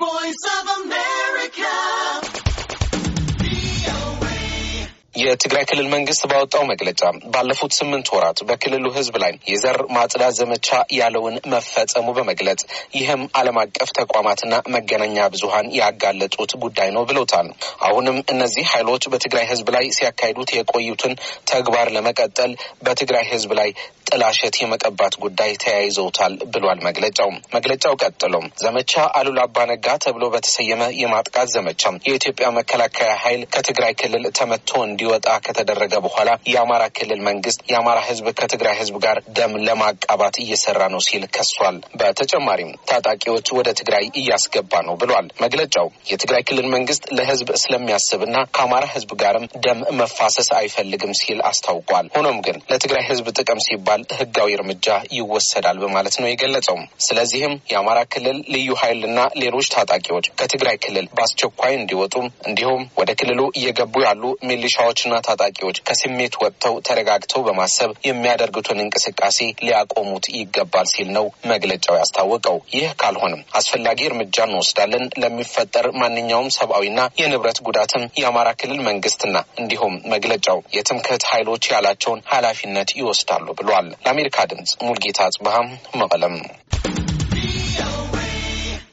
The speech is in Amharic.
voice of America. የትግራይ ክልል መንግስት ባወጣው መግለጫ ባለፉት ስምንት ወራት በክልሉ ህዝብ ላይ የዘር ማጽዳት ዘመቻ ያለውን መፈጸሙ በመግለጽ ይህም ዓለም አቀፍ ተቋማትና መገናኛ ብዙሀን ያጋለጡት ጉዳይ ነው ብሎታል። አሁንም እነዚህ ኃይሎች በትግራይ ህዝብ ላይ ሲያካሂዱት የቆዩትን ተግባር ለመቀጠል በትግራይ ህዝብ ላይ ጥላሸት የመቀባት ጉዳይ ተያይዘውታል ብሏል መግለጫው። መግለጫው ቀጥሎም ዘመቻ አሉላ አባነጋ ተብሎ በተሰየመ የማጥቃት ዘመቻ የኢትዮጵያ መከላከያ ኃይል ከትግራይ ክልል ተመቶ እንዲወጣ ከተደረገ በኋላ የአማራ ክልል መንግስት የአማራ ህዝብ ከትግራይ ህዝብ ጋር ደም ለማቃባት እየሰራ ነው ሲል ከሷል። በተጨማሪም ታጣቂዎች ወደ ትግራይ እያስገባ ነው ብሏል መግለጫው። የትግራይ ክልል መንግስት ለህዝብ ስለሚያስብና ከአማራ ህዝብ ጋርም ደም መፋሰስ አይፈልግም ሲል አስታውቋል። ሆኖም ግን ለትግራይ ህዝብ ጥቅም ሲባል በመመርመር ህጋዊ እርምጃ ይወሰዳል በማለት ነው የገለጸው። ስለዚህም የአማራ ክልል ልዩ ኃይልና ሌሎች ታጣቂዎች ከትግራይ ክልል በአስቸኳይ እንዲወጡ እንዲሁም ወደ ክልሉ እየገቡ ያሉ ሚሊሻዎችና ታጣቂዎች ከስሜት ወጥተው ተረጋግተው በማሰብ የሚያደርጉትን እንቅስቃሴ ሊያቆሙት ይገባል ሲል ነው መግለጫው ያስታወቀው። ይህ ካልሆንም አስፈላጊ እርምጃ እንወስዳለን። ለሚፈጠር ማንኛውም ሰብአዊና የንብረት ጉዳትም የአማራ ክልል መንግስትና እንዲሁም መግለጫው የትምክህት ኃይሎች ያላቸውን ኃላፊነት ይወስዳሉ ብሏል። ለአሜሪካ ድምጽ ሙልጌታ አጽብሃም መቀለም